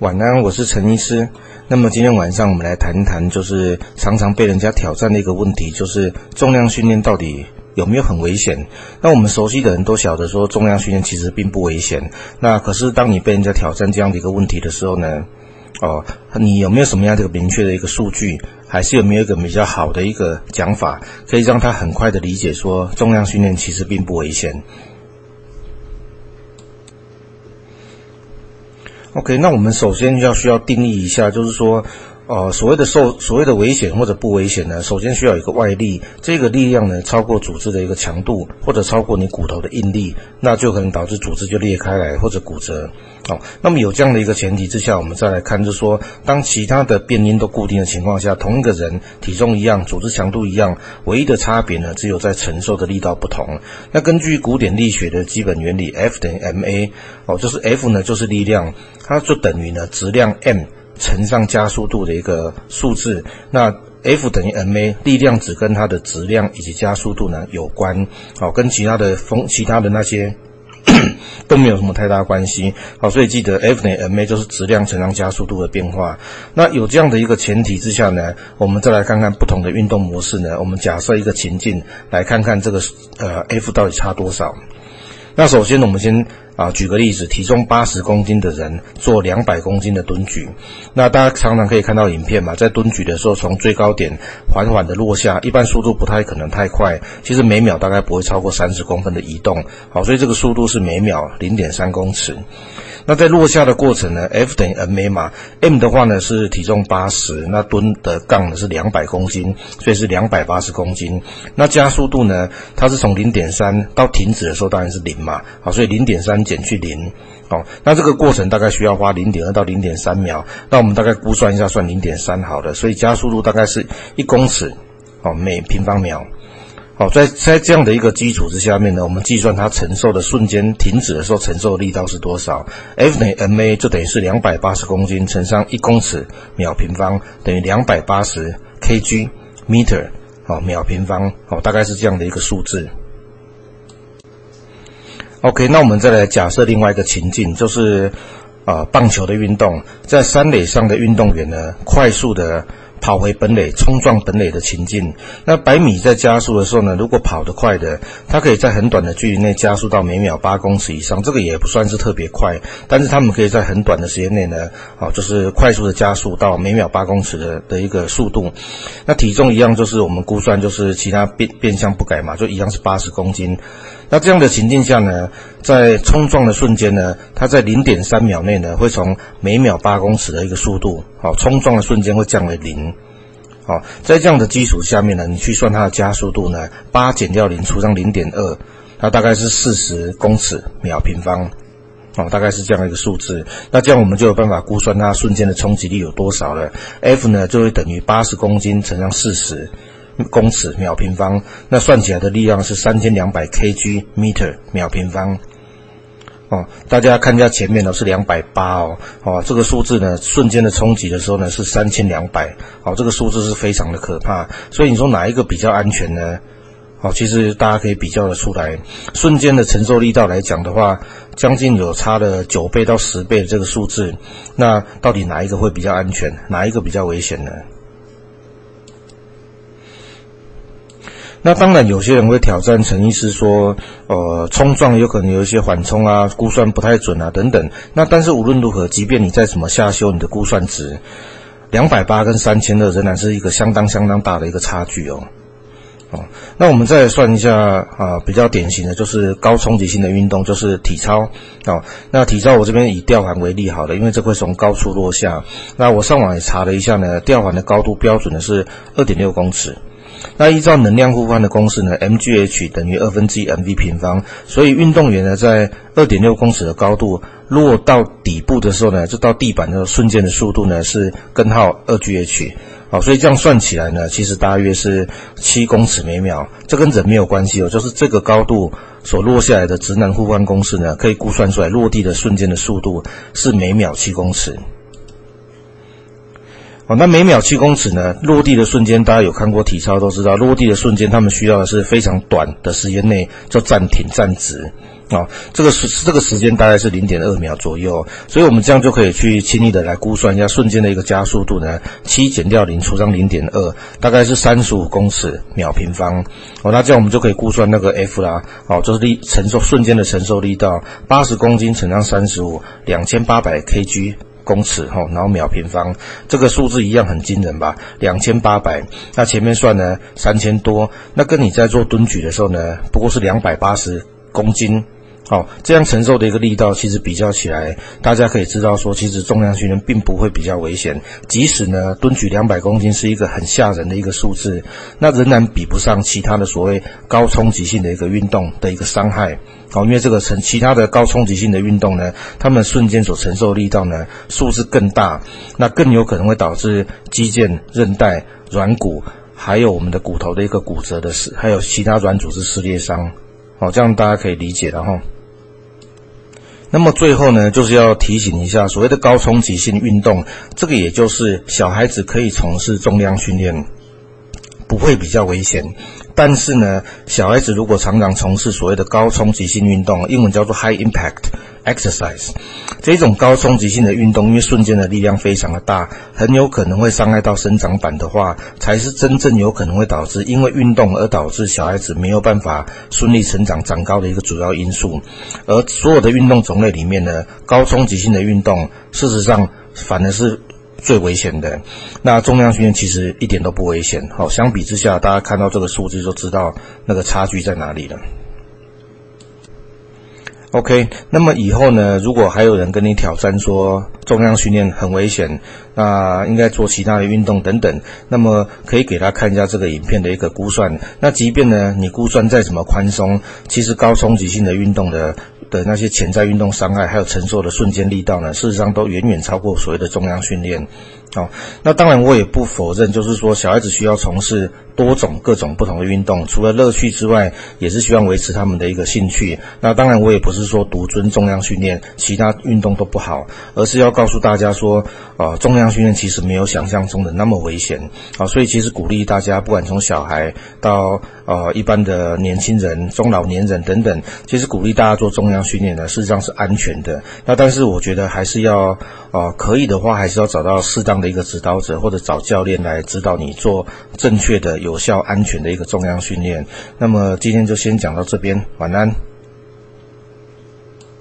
晚安，我是陳醫師。那麼今天晚上我們來談一談，就是常常被人家挑戰的一個問題，就是重量訓練到底有沒有很危險？那我們熟悉的人都曉得說，重量訓練其實並不危險。那可是當你被人家挑戰這樣的一個問題的時候呢，哦，你有沒有什麼樣的一個明確的一個數據，還是有沒有一個比較好的一個講法，可以讓他很快的理解說，重量訓練其實並不危險？Okay，那我們首先要需要定義一下，就是說。哦，所謂的受所謂的危險或者不危險呢，首先需要一個外力，這個力量呢超過組織的一個強度或者超過你骨頭的應力，那就可能導致組織就裂開來或者骨折。哦，那麼有這樣的一個前提之下，我們再來看，就是說當其他的變因都固定的情況下，同一個人體重一樣，組織強度一樣，唯一的差別呢只有在承受的力道不同。那根據古典力學的基本原理，F 等於 ma，哦，就是 F 呢就是力量，它就等於呢質量 m。乘上加速度的一個數字，那 F 等於 MA 力量只跟它的質量以及加速度呢有關，好、哦，跟其他的風、其他的那些咳咳都沒有什麼太大關係，好，所以記得 F 等於 MA 就是質量乘上加速度的變化。那有這樣的一個前提之下呢，我們再來看看不同的運動模式呢，我們假設一個情境來看看這個呃 F 到底差多少。那首先呢，我們先啊舉個例子，體重八十公斤的人做兩百公斤的蹲舉。那大家常常可以看到影片嘛，在蹲舉的時候，從最高點緩緩的落下，一般速度不太可能太快，其實每秒大概不會超過三十公分的移動。好，所以這個速度是每秒零點三公尺。那在落下的過程呢？F 等於 ma 嘛。m 的話呢是體重八十那噸的槓呢是兩百公斤，所以是兩百八十公斤。那加速度呢？它是從零點三到停止的時候，當然是零嘛。好，所以零點三減去零。哦，那這個過程大概需要花零點二到零點三秒。那我們大概估算一下，算零點三好的。所以加速度大概是一公尺哦每平方秒。好，在在這樣的一個基礎之下面呢，我們計算它承受的瞬間停止的時候承受的力道是多少？F 等於 ma 就等於是兩百八十公斤乘上一公尺秒平方，等於兩百八十 kg meter 哦，秒平方哦，大概是這樣的一個數字。OK，那我們再來假設另外一個情境，就是啊、呃、棒球的運動，在三壘上的運動員呢，快速的。跑回本壘衝撞本壘的情境，那百米在加速的時候呢，如果跑得快的，它，可以在很短的距離內加速到每秒八公尺以上，這個也不算是特別快，但是他們可以在很短的時間內呢，啊、哦，就是快速的加速到每秒八公尺的的一個速度。那體重一樣，就是我們估算就是其他變變相不改嘛，就一樣是八十公斤。那這樣的情境下呢，在衝撞的瞬間呢，它在零點三秒內呢，會從每秒八公尺的一個速度，啊、哦，衝撞的瞬間會降為零。好、哦，在這樣的基礎下面呢，你去算它的加速度呢，八減掉零除上零點二，那大概是四十公尺秒平方，啊、哦，大概是這樣一個數字。那這樣我們就有辦法估算它瞬間的衝擊力有多少了。F 呢就會等於八十公斤乘上四十公尺秒平方，那算起來的力量是三千兩百 kg meter 秒平方。哦，大家看一下前面呢是兩百八哦，哦，這個數字呢，瞬間的衝擊的時候呢是三千兩百，哦，這個數字是非常的可怕，所以你說哪一個比較安全呢？哦，其實大家可以比較的出來，瞬間的承受力道來講的話，將近有差了九倍到十倍的這個數字，那到底哪一個會比較安全，哪一個比較危險呢？那當然，有些人會挑戰陳醫師說，呃，衝撞有可能有一些緩衝啊，估算不太準啊，等等。那但是無論如何，即便你再怎麼下修，你的估算值兩百八跟三千二仍然是一個相當相當大的一個差距哦。哦，那我們再來算一下啊，呃，比較典型的，就是高衝擊性的運動，就是體操。哦，那體操我這邊以吊環為例好了，因為這會從高處落下。那我上網也查了一下呢，吊環的高度標準呢是二點六公尺。那依照能量互換的公式呢，mgh 等於二分之一 mv 平方，所以運動員呢在二點六公尺的高度落到底部的時候呢，就到地板的瞬間的速度呢是根號二 gh，好，所以這樣算起來呢，其實大約是七公尺每秒，這跟人沒有關係哦，就是這個高度所落下來的質能互換公式呢，可以估算出來落地的瞬間的速度是每秒七公尺。哦，那每秒七公尺呢？落地的瞬間，大家有看過體操都知道，落地的瞬間他們需要的是非常短的時間內就暫停站直。啊、哦，這個是這個時間大概是零點二秒左右，所以我們這樣就可以去輕易的來估算一下瞬間的一個加速度呢，七減掉零除上零點二，大概是三十五公尺秒平方。哦，那這樣我們就可以估算那個 F 啦。哦，就是力承受瞬間的承受力道八十公斤乘上三十五，兩千八百 kg。公尺吼，然後秒平方，這個數字一樣很驚人吧？兩千八百，那前面算呢三千多，那跟你在做蹲舉的時候呢，不過是兩百八十公斤。好，這樣承受的一個力道，其實比較起來，大家可以知道說，其實重量訓練並不會比較危險。即使呢，蹲舉兩百公斤是一個很嚇人的一個數字，那仍然比不上其他的所謂高衝擊性的一個運動的一個傷害。好，因為這個成其他的高衝擊性的運動呢，他們瞬間所承受的力道呢，數字更大，那更有可能會導致肌腱、韌帶、軟骨，還有我們的骨頭的一個骨折的事，還有其他軟組織撕裂傷。好，這樣大家可以理解了，然後。那麼最後呢，就是要提醒一下，所謂的高衝擊性運動，這個也就是小孩子可以從事重量訓練，不會比較危險。但是呢，小孩子如果常常從事所謂的高衝擊性運動，英文叫做 high impact exercise，這種高衝擊性的運動，因為瞬間的力量非常的大，很有可能會傷害到生長板的話，才是真正有可能會導致因為運動而導致小孩子沒有辦法順利成長長高的一個主要因素。而所有的運動種類裡面呢，高衝擊性的運動，事實上反而是。最危險的。那重量訓練，其實一點都不危險。好，哦，相比之下，大家看到這個數字就知道那個差距在哪裡了。OK，那麼以後呢，如果還有人跟你挑戰說重量訓練很危險，那應該做其他的運動等等，那麼可以給他看一下這個影片的一個估算。那即便呢，你估算再怎麼寬鬆，其實高衝擊性的運動的的那些潛在運動傷害，還有承受的瞬間力道呢，事實上，都遠遠超過所謂的重量訓練。好、哦，那當然我也不否認，就是說小孩子需要從事多種各種不同的運動，除了樂趣之外，也是希望維持他們的一個興趣。那當然我也不是說獨尊重量訓練，其他運動都不好，而是要告訴大家說，啊、呃，重量訓練其實沒有想象中的那麼危險。啊、哦，所以其實鼓勵大家，不管從小孩到、呃、一般的年輕人、中老年人等等，其實鼓勵大家做重量訓練呢，事實上是安全的。那但是我覺得還是要，啊、呃，可以的話還是要找到適當的一個指導者，或者找教練來指導你做正確的、有效、安全的一個重量訓練。那麼今天就先講到這邊，晚安。